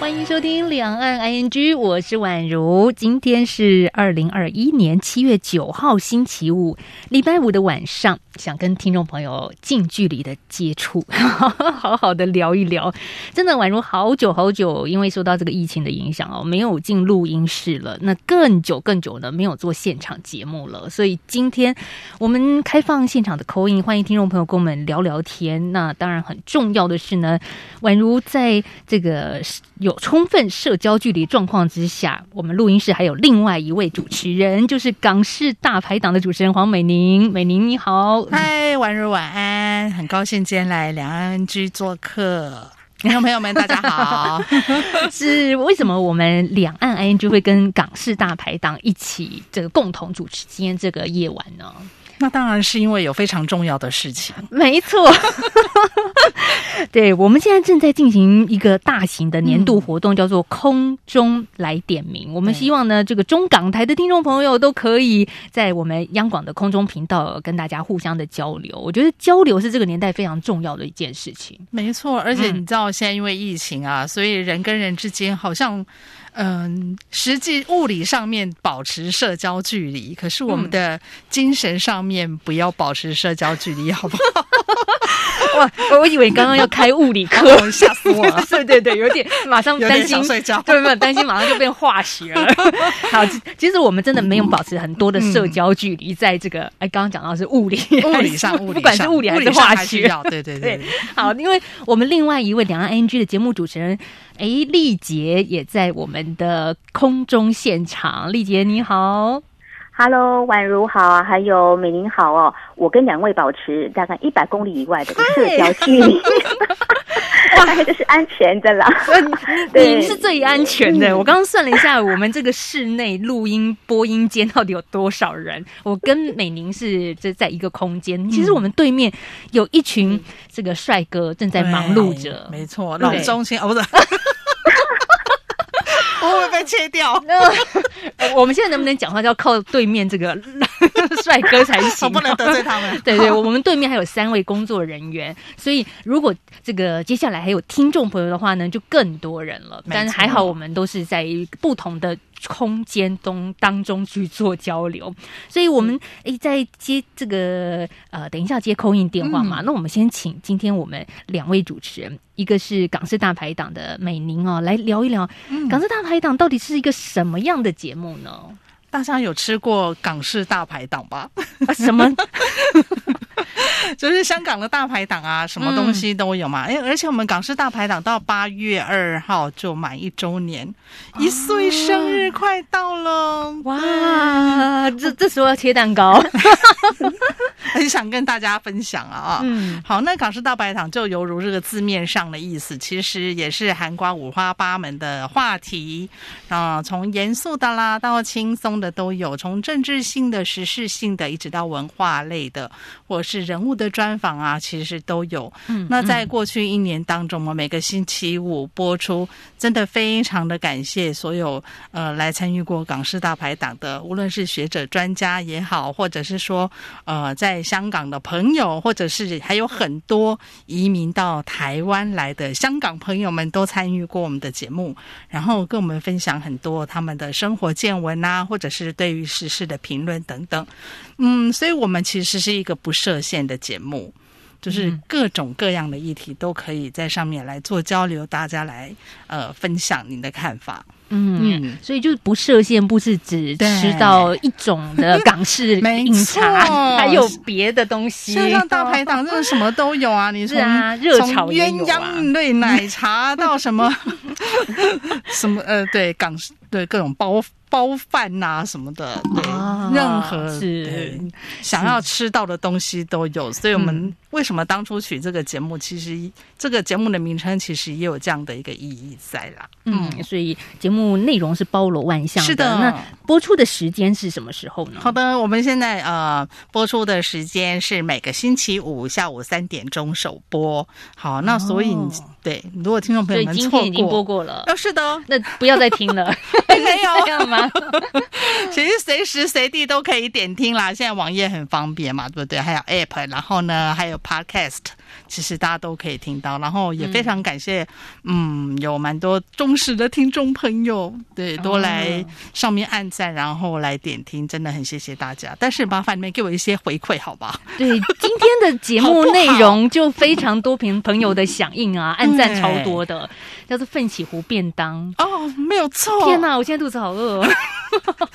歡迎收聽《兩岸 ING》，我是宛如。今天是二零二一年七月九號，星期五，禮拜五的晚上，想跟聽眾朋友近距離的接觸呵呵，好好的聊一聊。真的宛如好久好久，因為受到這個疫情的影響哦，沒有進錄音室了，那更久更久的沒有做現場節目了。所以今天我們開放現場的 Call-in，歡迎聽眾朋友跟我們聊聊天。那當然很重要的是呢，宛如在這個。有充分社交距離狀況之下，我們錄音室還有另外一位主持人，就是港事大排檔的主持人黃美玲。美玲你好，嗨，婉如晚安，很高興今天來兩岸 ING 做客。聽眾朋友們，大家好。 是為什麼我們兩岸 ING 會跟港事大排檔一起這個共同主持今天這個夜晚呢？那當然是因為有非常重要的事情。沒錯， 對，我們現在正在進行一個大型的年度活動，嗯、叫做“空中來點名”。我們希望呢，對這個中港台的聽眾朋友都可以在我們央廣的空中頻道跟大家互相的交流。我覺得交流是這個年代非常重要的一件事情。沒錯，而且你知道，現在因為疫情啊，嗯、所以人跟人之間好像。嗯，實際物理上面保持社交距離，可是我們的精神上面不要保持社交距離，嗯、好不好？ 我我以為你剛剛要開物理課，嚇 死我了！對對對，有點馬上擔心睡覺，對沒有擔心馬上就變化學了。好，其實我們真的沒有保持很多的社交距離，在這個、嗯、哎，剛剛講到的是物理，是物理上，物理上，不管是物理還是化學，對對對，對，對。好，因為我們另外一位兩岸 ING 的節目主持人，哎，麗杰也在我們的空中現場，麗杰你好。Hello，宛如好啊，還有美玲好哦。我跟兩位保持大概一百公里以外的社交距離，大概就是安全的啦、嗯。你對你是最安全的。嗯、我剛剛算了一下，我們這個室內錄音播音間到底有多少人？我跟美玲是這在一個空間。嗯、其實我們對面有一群這個帥哥正在忙碌着。沒錯，老中青對哦不是。 切掉。 我們現在能不能講話，就要靠對面這個帥哥才行。 不能得罪他們。 對對，對，我們對面還有三位工作人員，所以如果這個接下來還有聽眾朋友的話呢，就更多人了。但是還好，我們都是在不同的空間中當中去做交流，所以我們哎，在接這個呃，等一下接 call in 電話嘛。那我們先請今天我們兩位主持人，一個是港事大排檔的美寧哦，來聊一聊港事大排檔到。到底是一個什麼樣的節目呢？大家有吃過港式大排檔吧、 啊？什麼？ 就是香港的大排檔啊，什麼東西都有嘛。哎、嗯欸，而且我們港事大排檔到八月二號就滿一周年，啊、一歲生日快到咯，哇！嗯、這這時候要切蛋糕， 很想跟大家分享啊，啊。嗯，好，那港事大排檔就猶如這個字面上的意思，其實也是涵蓋五花八門的話題啊，從嚴肅的啦到輕鬆的都有，從政治性的、時事性的，一直到文化類的，或是。是人物的專訪啊，其實都有。嗯，嗯那在過去一年當中，我們每個星期五播出，真的非常的感謝所有呃來參與過《港事大排檔》的，無論是學者專家也好，或者是說呃在香港的朋友，或者是還有很多移民到台灣來的香港朋友們，都參與過我們的節目，然後跟我們分享很多他們的生活見聞啊，或者是對於時事的評論等等。嗯，所以我們其實是一個不設。線的節目，就是各種各樣的議題都可以在上面來做交流，大家來呃分享您的看法。嗯嗯，嗯所以就是不設限，不是只吃到一種的港式飲茶， 沒錯，還有別的東西。像大排檔，真的什麼都有啊！你是從熱炒鴛鴦對奶茶到什麼 什麼呃對港式對各種包。包飯吶什麼的，對，任何是想要吃到的東西都有。所以我們為什麼當初取這個節目？其實這個節目的名稱其實也有這樣的一個意義在啦。嗯，所以節目內容是包羅萬象，是的。那播出的時間是什麼時候呢？好的，我們現在呃播出的時間是每個星期五下午三點鐘首播。好，那所以對，如果聽眾朋友們今天已經播過了，哦，是的，那不要再聽了，沒有嘛。 其實隨時隨地都可以點聽啦，現在網頁很方便嘛，對不對？還有 App，然後呢，還有 Podcast。其實大家都可以聽到，然後也非常感謝，嗯，嗯，有蠻多忠實的聽眾朋友，對，多來上面按讚，然後來點聽，真的很謝謝大家。但是麻煩你們給我一些回饋，好吧？對，今天的節目內容就非常多，平朋友的響應啊，好不好，按讚超多的，對叫做奮起湖便當哦，沒有錯，天哪，我現在肚子好餓、哦。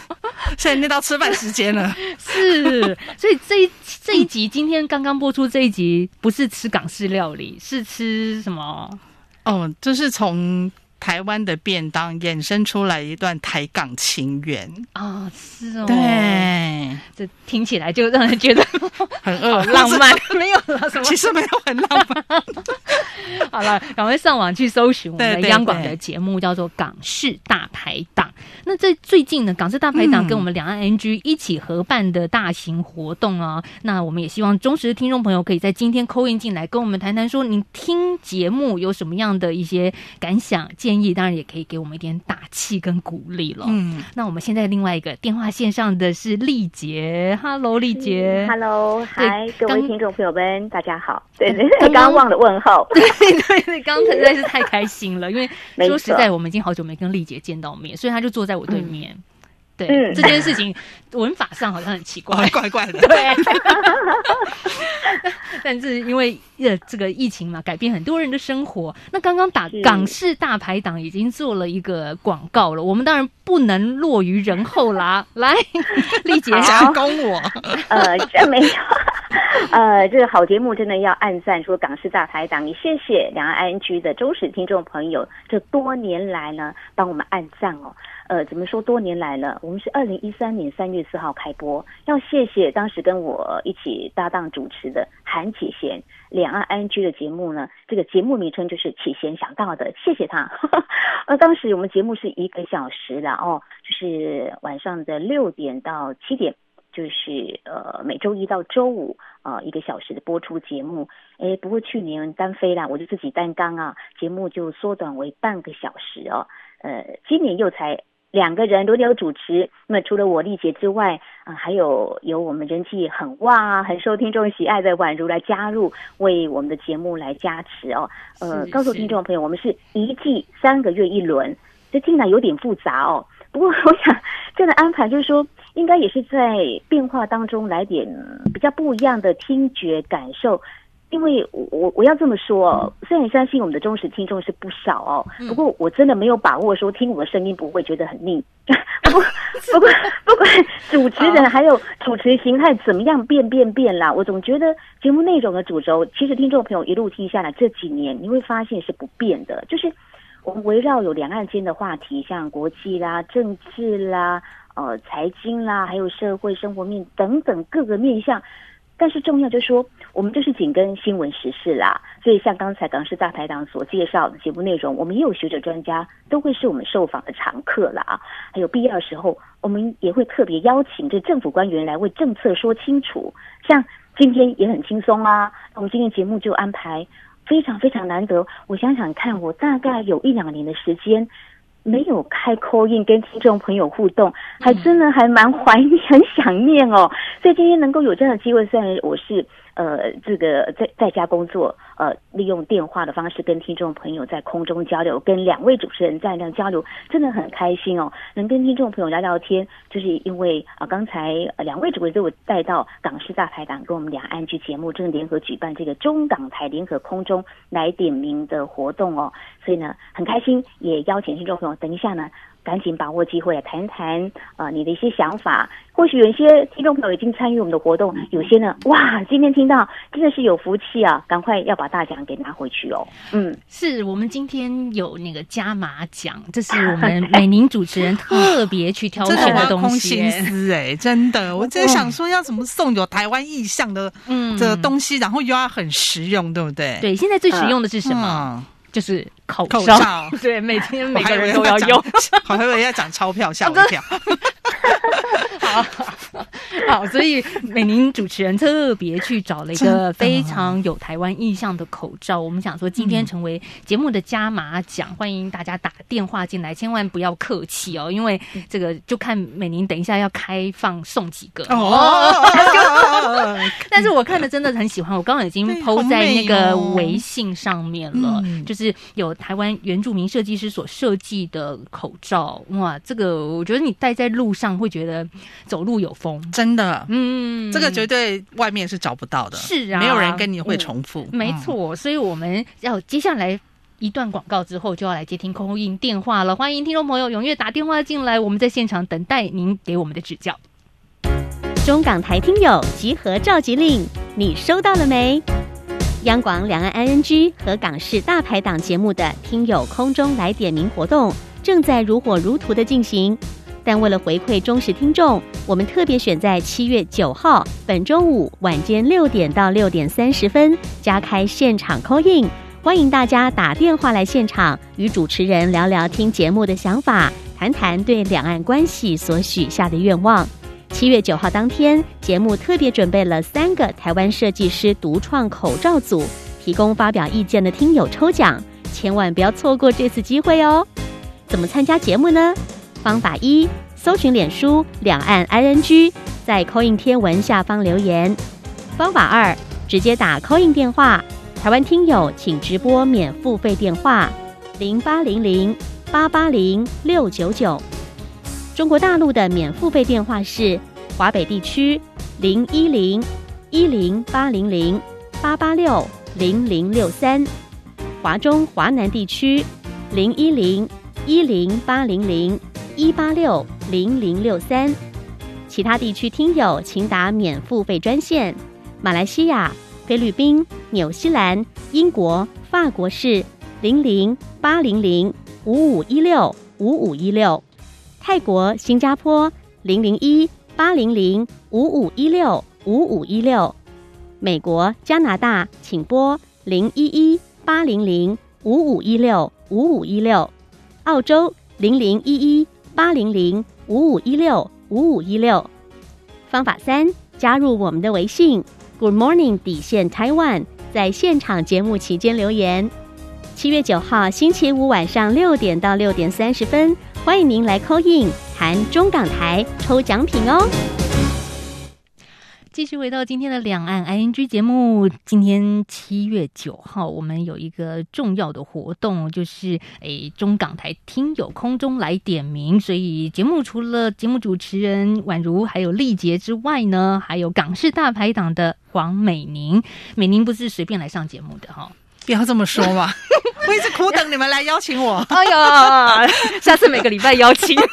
那到吃飯時間了， 是，所以這一這一集今天剛剛播出這一集，不是吃港式料理，是吃什麼？哦，就是從。台灣的便當衍生出來一段台港情緣啊、哦，是哦，對，這聽起來就讓人覺得很餓惡，浪漫是 沒有了，什麼？其實沒有很浪漫。 好了，趕快上網去搜尋我們央廣的節目，對對對，叫做《港事大排檔》。那在最近呢，《港事大排檔》跟我們兩岸 ING 一起合辦的大型活動啊，嗯、那我們也希望忠實的聽眾朋友可以在今天 call in 進來跟我們談談，說你聽節目有什麼樣的一些感想見。當然也可以給我們一點打氣跟鼓勵了。嗯，那我們現在另外一個電話線上的是麗姐。Hello，麗姐、嗯、Hello，嗨，各位聽眾朋友們，大家好。對，剛，剛，剛，剛忘了問候。 對對對，剛才實在是太開心了， 因為說實在，我們已經好久沒跟麗姐見到面，沒錯，所以她就坐在我對面。嗯對、嗯、這件事情，文法上好像很奇怪，嗯、對怪怪的。對， 但是因為呃這個疫情嘛，改變很多人的生活。那剛剛打港事大排檔已經做了一個廣告了，嗯、我們當然不能落於人後啦。 來，麗姐，想攻我？ 呃，這沒有。呃，這個好節目真的要按讚，說港事大排檔，你謝謝兩岸 ING 的忠實聽眾朋友，這多年來呢幫我們按讚哦。呃，怎麼說？多年來了，我們是二零一三年三月四號開播，要謝謝當時跟我一起搭檔主持的韓啟賢，《兩岸 ING》的節目呢。這個節目名稱就是啟賢想到的，謝謝他。 呃，當時我們節目是一個小時了哦，就是晚上的六點到七點，就是呃每周一到周五啊、呃，一個小時的播出節目。哎，不過去年單飛了，我就自己單幹啊，節目就縮短為半個小時哦。呃，今年又才。兩個人輪流主持，那除了我麗姐之外，啊、呃，還有由我們人氣很旺啊、很受聽眾喜愛的宛如來加入，為我們的節目來加持哦。呃，告訴聽眾朋友，是是我們是一季三個月一輪，這聽起來有點複雜哦。不過我想這樣的安排，就是說應該也是在變化當中來點比較不一樣的聽覺感受。因為我我要這麼說，雖然相信我們的忠實聽眾是不少哦，嗯、不過我真的沒有把握說聽我的聲音不會覺得很膩。 不管，不管，不管主持人還有主持形態怎麼樣變變變啦，嗯、我總覺得節目內容的主軸，其實聽眾朋友一路聽下來這幾年，你會發現是不變的，就是我們圍繞有兩岸間的話題，像國際啦、政治啦、呃、財經啦，還有社會生活面等等各個面向。但是重要就是說，我們就是緊跟新聞時事啦。所以像剛才港事大排檔所介紹的節目內容，我們也有學者專家都會是我們受訪的常客啦。啊。還有必要的時候，我們也會特別邀請這政府官員來為政策說清楚。像今天也很輕鬆啊，我們今天節目就安排非常非常難得。我想想看，我大概有一兩年的時間。沒有開 Call-in 跟聽眾朋友互動，還真的還蠻懷念，很想念哦。所以今天能夠有這樣的機會，雖然我是。呃，這個在在家工作，呃，利用電話的方式跟聽眾朋友在空中交流，跟兩位主持人在那交流，真的很開心哦。能跟聽眾朋友聊聊天，就是因為啊、呃，剛才、呃、兩位主播都有帶到港事大排檔，跟我們兩岸 ING 節目正聯合舉辦這個中港台聯合空中來點名的活動哦，所以呢，很開心，也邀請聽眾朋友等一下呢。趕緊把握機會、啊，談一談啊、呃，你的一些想法。或許有一些聽眾朋友已經參與我們的活動，有些呢，哇，今天聽到真的是有福氣啊！趕快要把大獎給拿回去哦。嗯，是我們今天有那個加碼獎，這是我們美寧主持人特別去挑選的東西。哎、 啊，空心思 真的，我真的想說要怎麼送有台灣意象的嗯的東西，然後又要很實用，對不對？對，現在最實用的是什麼？呃嗯就是口罩，口罩對，每天每個人都要用。好像有人家講鈔票，嚇 我一跳。 好。好 好，所以美玲主持人特別去找了一個非常有台灣意象的口罩。的我們想說，今天成為節目的加碼獎，嗯、歡迎大家打電話進來，千萬不要客氣哦，因為這個就看美玲等一下要開放送幾個哦。 但是我看的真的很喜歡，我剛剛已經 po 在那個微信上面了，哦、就是有台灣原住民設計師所設計的口罩。哇，這個我覺得你戴在路上會覺得走路有風，真的。的，嗯，這個絕對外面是找不到的，是啊，沒有人跟你會重複。嗯，沒錯，所以我們要接下來一段廣告之後就要來接聽 Call-in 電話了。歡迎聽眾朋友踴躍打電話進來，我們在現場等待您給我們的指教。中港台聽友集合召集令，你收到了沒？央廣兩岸 ING 和港事大排檔節目的聽友空中來點名活動正在如火如荼的進行。但為了回饋忠實聽眾，我們特別選在七月九號本周五晚間六點到六點三十分加開現場 Call-in，歡迎大家打電話來現場與主持人聊聊聽節目的想法，談談對兩岸關係所許下的願望。七月九號當天，節目特別準備了三個台灣設計師獨創口罩組，提供發表意見的聽友抽獎，千萬不要錯過這次機會哦！怎麼參加節目呢？方法一：搜尋臉書，兩岸 ING，在 Call-in 天文下方留言。方法二：直接打 Call-in 電話。台灣聽友請直播免付費電話零八零零八八零六九九。中國大陸的免付費電話是：華北地區零一零一零八零零八八六零零六三，華中華南地區零一零一零八零零。一八六零零六三，其他地區聽友請打免付費專線。馬來西亞、菲律賓、紐西蘭、英國、法國是零零八零零五五一六五五一六；泰國、新加坡零零一八零零五五一六五五一六；美國、加拿大請撥零一一八零零五五一六五五一六；澳洲零零一一。八零零五五一六五五一六，方法三，加入我們的微信，Good Morning 底線 Taiwan，在現場節目期間留言。七月九號星期五晚上六點到六點三十分，歡迎您來 call in，談中港台抽獎品哦。繼續回到今天的兩岸 ING 節目，今天七月九號，我們有一個重要的活動，就是誒，中港台聽友空中來點名，所以節目除了節目主持人宛如還有力杰之外呢，還有港事大排檔的黃美玲，美玲不是隨便來上節目的哈，不要這麼說嘛， 我一直苦等你們來邀請我， 哎呀，下次每個禮拜邀請。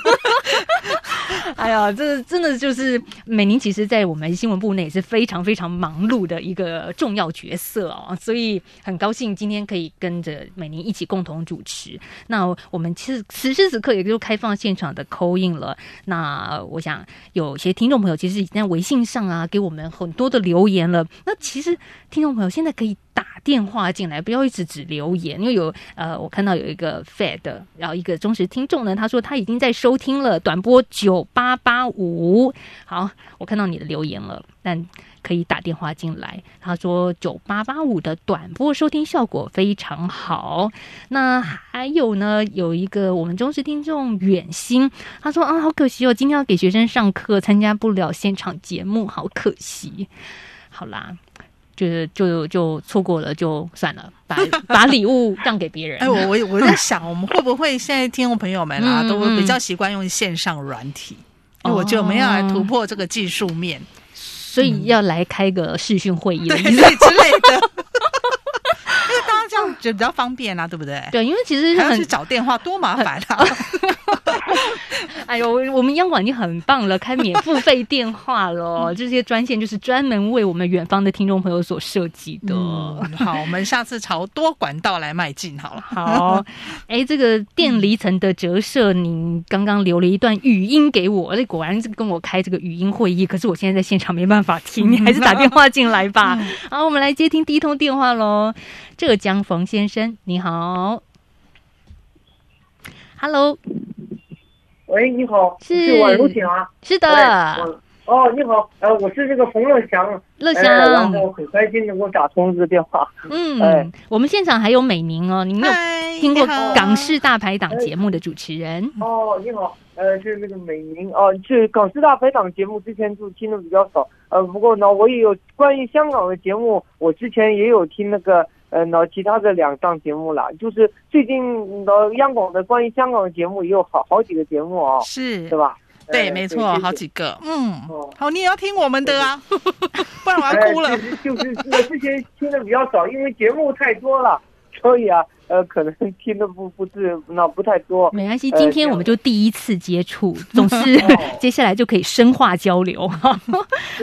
哎呀，這真的就是美玲，其實在我們新聞部內也是非常非常忙碌的一個重要角色哦。所以很高興今天可以跟着美玲一起共同主持。那我們其實此時此刻也就開放現場的 Call-in 了。那我想有些聽眾朋友其實已經在微信上啊給我們很多的留言了。那其實聽眾朋友現在可以打電話進來，不要一直只留言，因為有呃，我看到有一個 Fed，然後一個忠實聽眾呢，他說他已經在收聽了短波九八。八八五，85, 好，我看到你的留言了，但可以打電話進來。他說九八八五的短波收聽效果非常好。那還有呢，有一個我們忠實聽眾遠心，他說啊，好可惜哦，今天要給學生上課，參加不了現場節目，好可惜。好啦，就是就就錯過了就算了，把 把禮物讓給別人。哎，我我我在想， 我們會不會現在聽眾朋友們啊，都比較習慣用線上軟體？我就沒有來突破這個技術面，oh, 嗯、所以要來開個視訊會議之類對之類的， 因為大家這樣就比較方便啊， 對不對？對，因為其實是很，還要去找電話多麻煩啊。 哎呦，我們央廣已經很棒了，開免付費電話了，這些專線就是專門為我們遠方的聽眾朋友所設計的。嗯、好，我們下次朝多管道來邁進好了。 好，哎、欸，這個電離層的折射，嗯、你剛剛留了一段語音給我，那果然是跟我開這個語音會議，可是我現在在現場沒辦法聽， 你還是打電話進來吧。嗯、好，我們來接聽第一通電話嘍，浙江馮先生，你好，Hello。喂，你好，是，是我劉晴啊，是的，哦，你好，呃，我是這個馮樂祥，樂祥香，然、呃、很開心能夠打通這個電話，嗯，哎、我們現場還有美寧哦，你有沒有聽過港事大排檔節目的主持人、呃？哦，你好，呃，是那個美寧哦，是港事大排檔節目之前就聽的比較少，呃，不過呢，我也有關於香港的節目，我之前也有聽那個。呃，然後其他的兩檔節目了，就是最近老、呃、央廣的關於香港的節目也有好好幾個節目啊，是，對吧？對，沒錯，好幾個、喔。呃、幾個嗯，嗯嗯好，你也要聽我們的啊，呃、不然我要哭了。呃、就是、就是、我之前聽的比較少，因為節目太多了。所以啊，呃，可能聽的不不是那不太多，沒關係。今天我們就第一次接觸，總是接下來就可以深化交流。啊，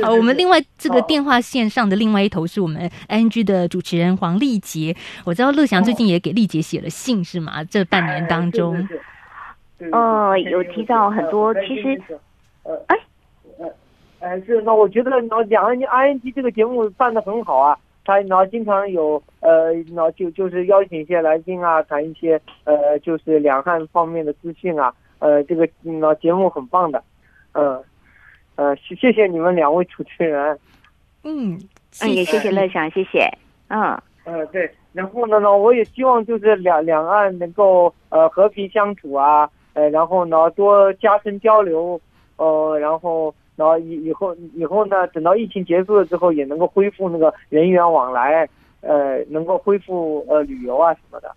我們另外這個電話線上的另外一頭是我們 I N G 的主持人黃麗杰。我知道樂祥最近也給麗杰寫了信，是嗎？這半年當中，呃，有提到很多。其實，呃，哎，呃，是，那我覺得，那兩岸的 I N G 這個節目辦得很好啊。他呢，然後經常有呃，那就就是邀請一些來賓啊，談一些呃，就是兩岸方面的資訊啊，呃，這個嗯、呃、節目很棒的，嗯、呃，呃，謝謝你們兩位主持人，嗯，嗯，也謝謝樂享，謝謝，嗯，嗯，對，然後呢呢，我也希望就是兩兩岸能夠呃和平相處啊，呃，然後呢多加深交流，呃，然後。然後以以後以後呢，等到疫情結束了之後，也能夠恢復那個人員往來，呃，能夠恢復呃旅遊啊什麼的。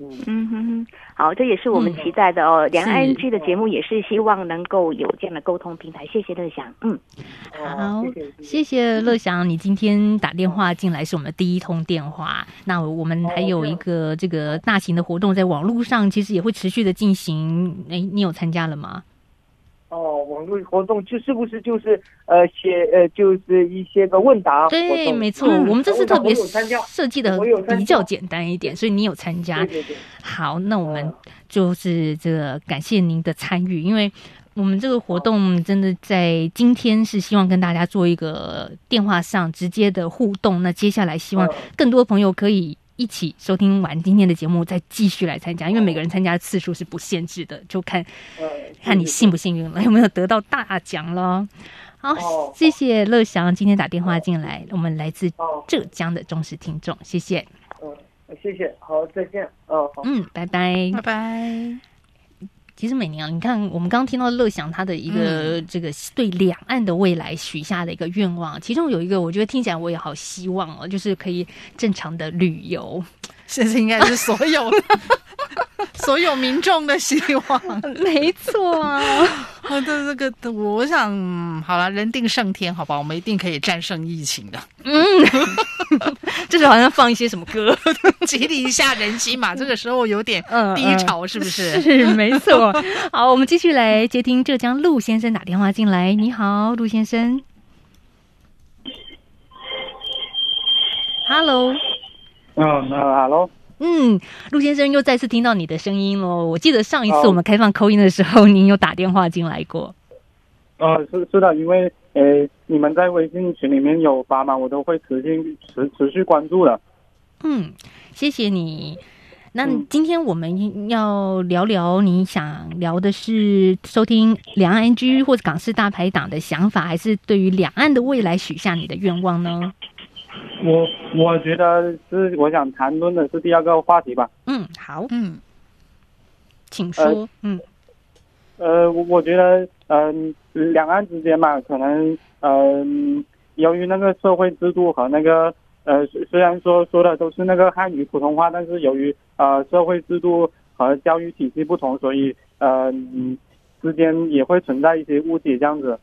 嗯,嗯哼哼，好，這也是我們期待的哦。兩岸 IN、嗯、G 的節目也是希望能夠有這樣的溝通平台。嗯、謝謝樂祥，嗯，好，謝謝,嗯、謝謝樂祥，你今天打電話進來是我們第一通電話。那我們還有一個這個大型的活動在網絡上，其實也會持續的進行。哎，你有參加了嗎？活動就是不是就是呃，寫，呃，就是一些個問答活動？對，沒錯，嗯，我們這次特別設計的比較簡單一點，所以你有參加。對對對。好，那我們就是這個感謝您的參與，嗯，因為我們這個活動真的在今天是希望跟大家做一個電話上直接的互動。那接下來希望更多朋友可以。一起收聽完今天的節目，再繼續來參加，因為每個人參加的次數是不限制的，就看看你幸不幸運了，有沒有得到大獎囉。好，哦、謝謝樂祥今天打電話進來，哦、我們來自浙江的忠實聽眾，謝謝。嗯、哦，謝謝，好，再見。嗯、哦，嗯，拜拜，拜拜。其實每年啊，你看我們剛剛聽到樂享他的一個這個對兩岸的未來許下的一個願望，嗯、其中有一個我覺得聽起來我也好希望哦，就是可以正常的旅遊，現在應該是所有的 所有民眾的希望，沒錯啊。我的 這個我想好了，人定勝天，好吧，我們一定可以戰勝疫情的。嗯。 這是好像放一些什麼歌，激勵一下人心嘛。 這個時候有點低潮，是不是？嗯嗯、是，沒錯。 好，我們繼續來接聽浙江陸先生打電話進來。你好，陸先生。Hello。嗯、uh, uh,，Hello。嗯，陸先生又再次聽到你的聲音了。我記得上一次我們開放 Call-in 的時候，uh, 您有打電話進來過。哦，是是的，因為呃。你們在微信群裡面有發嗎？我都會持續、持持續關注的。嗯，謝謝你。那今天我們要聊聊，你想聊的是收聽兩岸 ING 或者港事大排檔的想法，還是對於兩岸的未來許下你的願望呢？我我覺得是，我想談論的是第二個話題吧。嗯，好，嗯，請說。呃、嗯，呃，我我覺得，嗯、呃，兩岸之間嘛，可能。嗯、呃，由於那個社會制度和那個呃，雖然說說的都是那個漢語普通話，但是由於呃社會制度和教育體系不同，所以嗯、呃、之間也會存在一些誤解這樣子。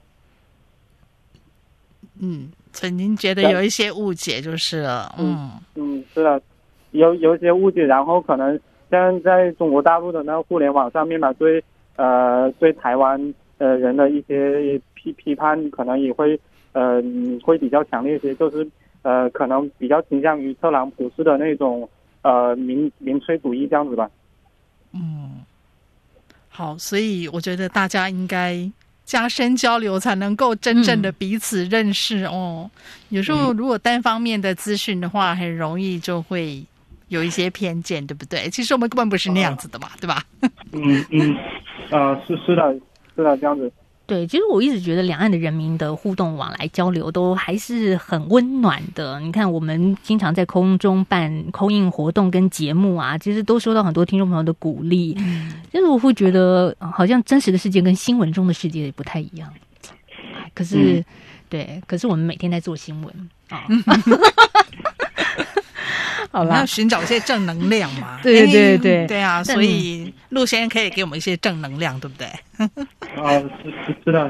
嗯，曾經覺得有一些誤解就是對嗯嗯，嗯，是的，有有一些誤解，然後可能現在在中國大陸的那個互聯網上面嘛，對呃對台灣呃人的一些。批判可能也會，嗯、呃、會比較強烈一些，就是呃，可能比較傾向於特朗普式的那種，呃，民民粹主義這樣子吧。嗯，好，所以我覺得大家應該加深交流，才能夠真正的彼此認識、嗯、哦。有時候如果單方面的資訊的話，嗯、很容易就會有一些偏見，對不對？其實我們根本不是那樣子的嘛，啊、對吧？嗯嗯，呃，是是的，是的，這樣子。對，其實我一直覺得兩岸的人民的互動往來交流都還是很溫暖的。你看，我們經常在空中辦 Call-in 活動跟節目啊，其實都收到很多聽眾朋友的鼓勵。嗯，就是我會覺得好像真實的世界跟新聞中的世界也不太一樣。可是，嗯、對，可是我們每天在做新聞啊。嗯 要尋找一些正能量嘛？ 對對對、 嗯、對啊！所以陸先生可以給我們一些正能量，對不對？啊 、哦，知知道。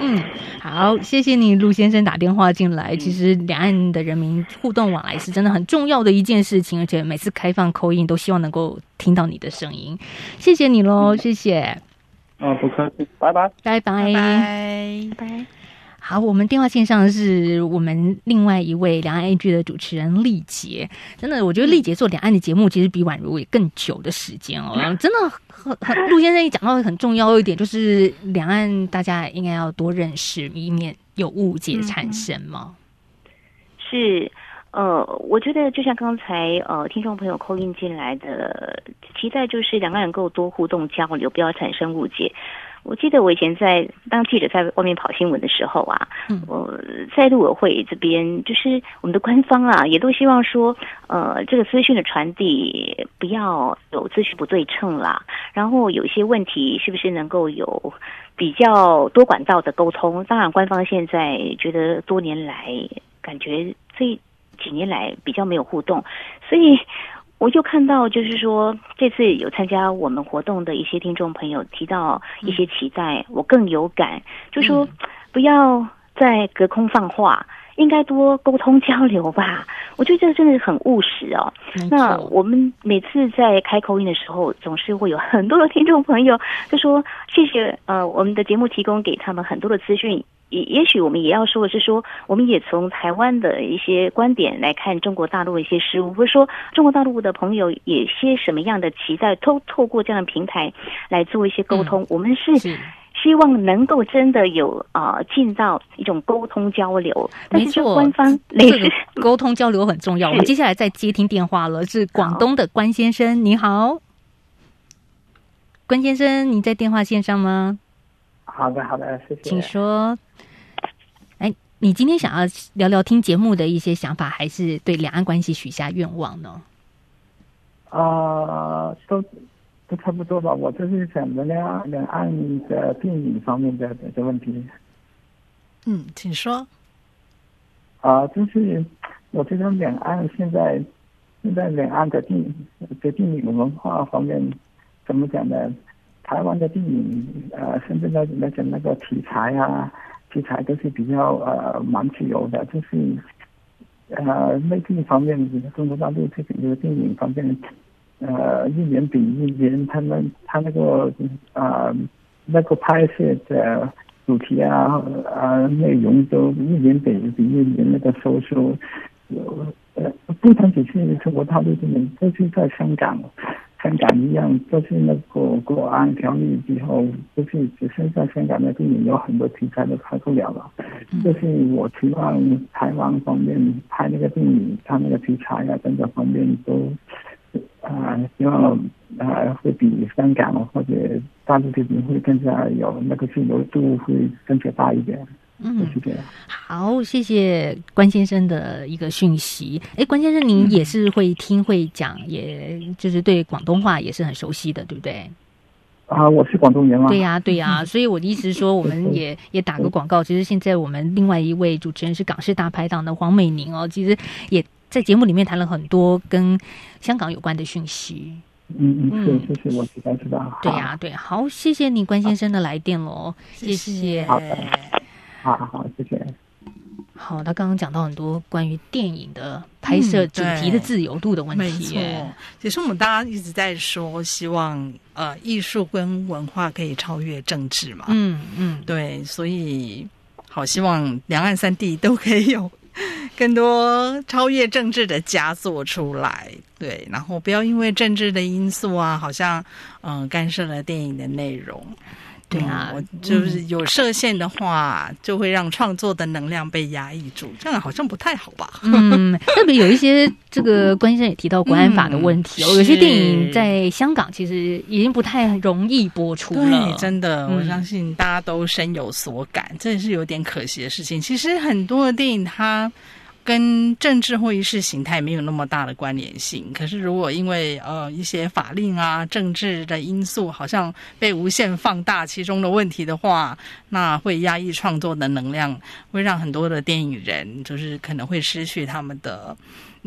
嗯，好，謝謝你，陸先生打電話進來。其實兩岸的人民互動往來是真的很重要的一件事情，而且每次開放 Call-in 都希望能夠聽到你的聲音。謝謝你嘍，嗯、謝謝。啊、哦，不客氣，拜拜 bye，拜拜 bye，拜。好，我們電話線上是我們另外一位兩岸 ING 的主持人麗傑。真的，我覺得麗傑做兩岸的節目，其實比宛如也更久的時間哦。真的很，很很。陸先生一講到很重要一點，就是兩岸大家應該要多認識，以免有誤解產生嗎？是，呃，我覺得就像剛才呃，聽眾朋友 call in 進來的期待，就是兩岸能夠多互動交流，不要產生誤解。我記得我以前在當記者，在外面跑新聞的時候啊，我、嗯呃、在陸委會這邊，就是我們的官方啊，也都希望說，呃，這個資訊的傳遞不要有資訊不對稱啦，然後有一些問題是不是能夠有比較多管道的溝通？當然，官方現在覺得多年來感覺這幾年來比較沒有互動，所以。我就看到，就是說，這次有參加我們活動的一些聽眾朋友提到一些期待，嗯、我更有感，就說不要再隔空放話，嗯、應該多溝通交流吧。我覺得這個真的是很務實哦。沒錯。那我們每次在開 Call-in 的時候，總是會有很多的聽眾朋友就說謝謝，呃，我們的節目提供給他們很多的資訊。也也許我們也要說的是說，我們也從台灣的一些觀點來看中國大陸的一些事務，或者說中國大陸的朋友也些什麼樣的期待，透透過這樣的平台來做一些溝通。嗯、我們是希望能夠真的有啊，進是、呃、到一種溝通交流。但是說官方錯類 這個溝通交流很重要。是我們接下來再接聽電話了，是廣東的關先生，好你好。關先生，你在電話線上嗎？好的，好的，謝謝。請說。你今天想要聊聊聽節目的一些想法，還是對兩岸關係許下願望呢？啊、呃，都都差不多吧。我就是想着呢，兩岸的電影方面的這些、個、問題。嗯，請說。啊、呃，就是我覺得兩岸現在現在兩岸的電影，的電影文化方面怎麼講呢？台灣的電影啊、呃，甚至在來講那個題材呀、啊。題材都是比較呃蠻自由的。就是呃內地方面，就中國大陸這邊，個電影方面，呃一年比一年，他們他那個呃那個拍攝的主題啊啊呃內容都一年比一年那個收收呃不僅僅是中國大陸這邊，都是在香港，香港一樣，就是那個國安條例之後，就是只剩下香港的電影，有很多題材都拍不了了。就是我希望台灣方面拍那個電影，他那個題材啊，等等方面都，啊、呃，希望啊、呃、會比香港或者大陸這邊會更加有那個自由度，會更加大一點。嗯，好，謝謝關先生的一個訊息。哎，關先生，您也是會聽會講，也就是對廣東話也是很熟悉的，對不對？啊，我是廣東人啊，對呀，對呀。所以我的意思是說，我們也也打個廣告。其實現在我們另外一位主持人是港事大排檔的黃美玲哦，其實也在節目裡面談了很多跟香港有關的訊息。嗯嗯，對，是是，我知道知道。對呀對，好，謝謝你關先生的來電嘍，謝謝。好的。好好，謝謝。好，他剛剛講到很多關於電影的拍攝主題、嗯、的自由度的問題，沒錯。其實我們大家一直在說，希望呃藝術跟文化可以超越政治嘛。嗯嗯，嗯對，所以好希望兩岸三地都可以有更多超越政治的佳作出來。對，然後不要因為政治的因素啊，好像嗯、呃、干涉了電影的內容。對啊，嗯、就是有設限的話，嗯、就會讓創作的能量被壓抑住，這樣好像不太好吧？嗯， 特別有一些這個關先生也提到國安法的問題，哦，嗯、有些電影在香港其實已經不太容易播出了。對，真的，我相信大家都深有所感，嗯、這也是有點可惜的事情。其實很多的電影它跟政治或意識形態沒有那麼大的關聯性，可是如果因為呃一些法令啊、政治的因素，好像被無限放大其中的問題的話，那會壓抑創作的能量，會讓很多的電影人就是可能會失去他們的。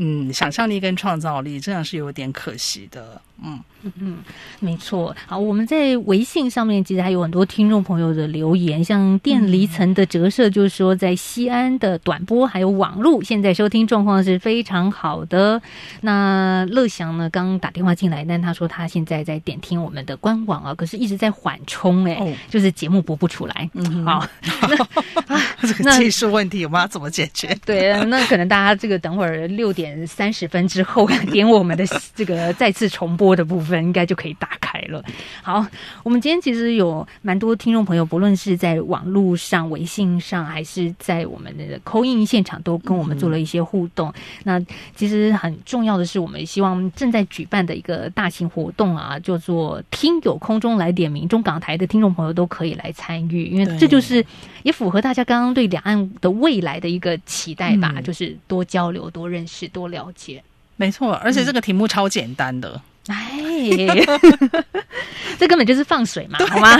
嗯，想象力跟創造力，這樣是有點可惜的。嗯嗯，嗯沒錯。好，我們在微信上面其實還有很多聽眾朋友的留言，像電離層的折射，就是說在西安的短波還有網絡，現在收聽狀況是非常好的。那樂祥呢，剛打電話進來，但他說他現在在點聽我們的官網啊，可是一直在緩衝，欸，哎、哦，就是節目播不出來。嗯，好，那 這個技術問題我們要怎麼解決？對，那可能大家這個等會兒六點。三十分之後點我們的這個再次重播的部分，應該就可以打開了。好，我們今天其實有蠻多聽眾朋友，不論是在網絡上、微信上，還是在我們的 Call-in 現場，都跟我們做了一些互動。嗯、那其實很重要的是，我們希望正在舉辦的一個大型活動啊，叫做“聽友空中來點名”，中港台的聽眾朋友都可以來參與，因為這就是也符合大家剛剛對兩岸的未來的一個期待吧，嗯、就是多交流、多認識、多。多了解，沒錯，而且這個題目超簡單的，哎，這根本就是放水嘛，好嗎？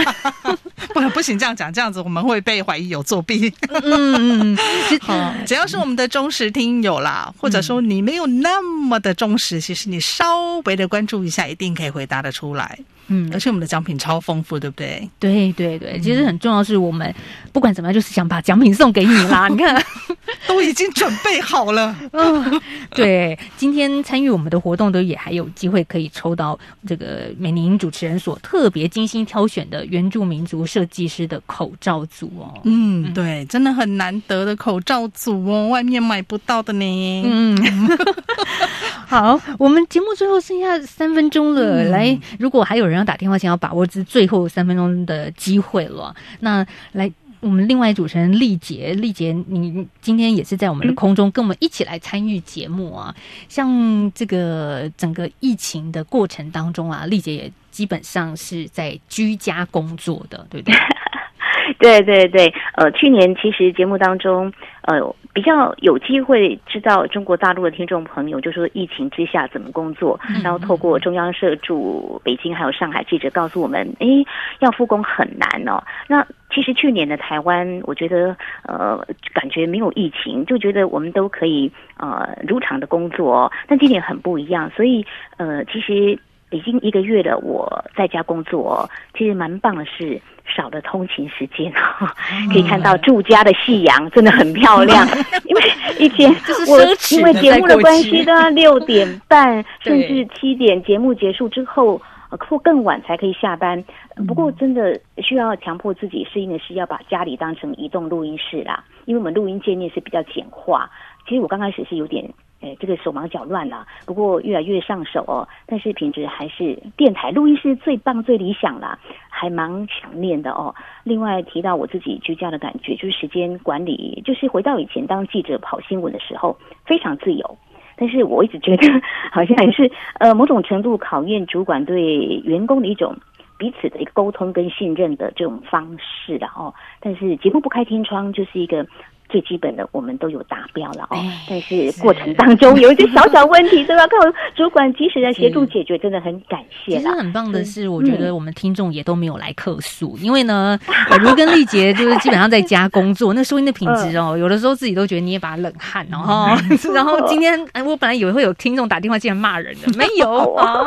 不，不行，這樣講，這樣子我們會被懷疑有作弊。嗯嗯，好，只要是我們的忠實聽友啦，或者說你沒有那麼的忠實，其實你稍微的關注一下，一定可以回答得出來。嗯，而且我們的獎品超豐富，對不對？對對對，其實很重要是我們不管怎麼樣，就是想把獎品送給你啦，你看。都已經準備好了，嗯、 哦，對，今天參與我們的活動，都也還有機會可以抽到這個美玲主持人所特別精心挑選的原住民族設計師的口罩組哦，嗯，對，嗯、真的很難得的口罩組哦，外面買不到的呢，嗯， 好，我們節目最後剩下三分鐘了，嗯、來，如果還有人要打電話，想要把握這最後三分鐘的機會了，那來。我們另外一主持人麗姐，麗姐，你今天也是在我們的空中跟我們一起來參與節目啊。嗯、像這個整個疫情的過程當中啊，麗姐也基本上是在居家工作的，對不對？ 對對對，呃，去年其實節目當中，呃。比較有機會知道中國大陸的聽眾朋友，就說疫情之下怎麼工作。嗯、然後透過中央社駐北京還有上海記者告訴我們，哎，要復工很難哦。那其實去年的台灣，我覺得呃，感覺沒有疫情，就覺得我們都可以呃，如常的工作。但今年很不一樣，所以呃，其實已經一個月了，我在家工作，其實蠻棒的事。少了通勤時間哦，可以看到住家的夕陽真的很漂亮。因為以前我因為節目的關係，都要六點半甚至七點節目結束之後，或更晚才可以下班。不過真的需要強迫自己適應的是要把家裡當成移動錄音室啦。因為我們錄音界面是比較簡化，其實我剛開始是有點。誒，這個手忙腳亂啦，不過越來越上手哦。但是品質還是電台錄音室最棒，最理想啦，還蠻想念的哦。另外提到我自己居家的感覺，就是時間管理，就是回到以前當記者跑新聞的時候，非常自由。但是我一直覺得，好像也是呃某種程度考驗主管對員工的一種彼此的一個溝通跟信任的這種方式的哦。但是節目不開天窗，就是一個。最基本的我們都有達標了哦，但是過程當中有一些小小問題，都要靠主管及時的協助解決，真的很感謝。其實很棒的是，我覺得我們聽眾也都沒有來客訴，因為呢，如跟麗杰就是基本上在家工作，那收音的品質哦，有的時候自己都覺得捏一把冷汗，然後，然後今天哎，我本來以為會有聽眾打電話進來罵人的，沒有啊，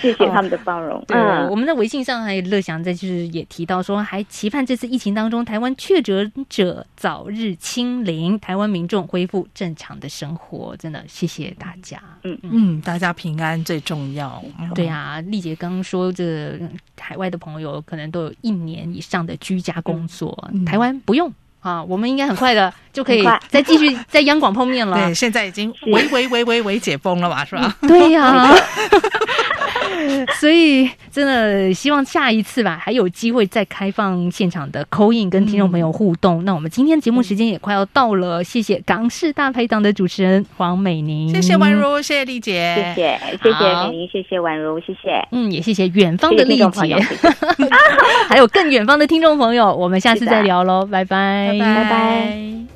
謝謝他們的包容。嗯，我們在微信上還有樂祥在就是也提到說，還期盼這次疫情當中台灣確診者早日。清零，台灣民眾恢復正常的生活，真的謝謝大家。嗯嗯，嗯嗯，大家平安最重要。嗯、對啊，麗姐剛剛說這海外的朋友可能都有一年以上的居家工作，嗯、台灣不用、嗯、啊，我們應該很快的就可以再繼續在央廣碰面了。很快 對，現在已經圍圍圍圍解封了吧？是吧？對呀、啊。 所以，真的希望下一次吧，還有機會再開放現場的 Call-in 跟聽眾朋友互動。嗯、那我們今天節目時間也快要到了，謝謝《港事大排檔》的主持人黃美玲，嗯、謝謝婉如，謝謝麗姐謝謝，謝謝好謝謝美玲，謝謝婉如，謝謝，嗯，也謝謝遠方的麗姐，謝謝還有更遠方的聽眾朋友，我們下次再聊嘍，的拜拜，拜拜。拜拜